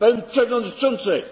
Pan Przewodniczący!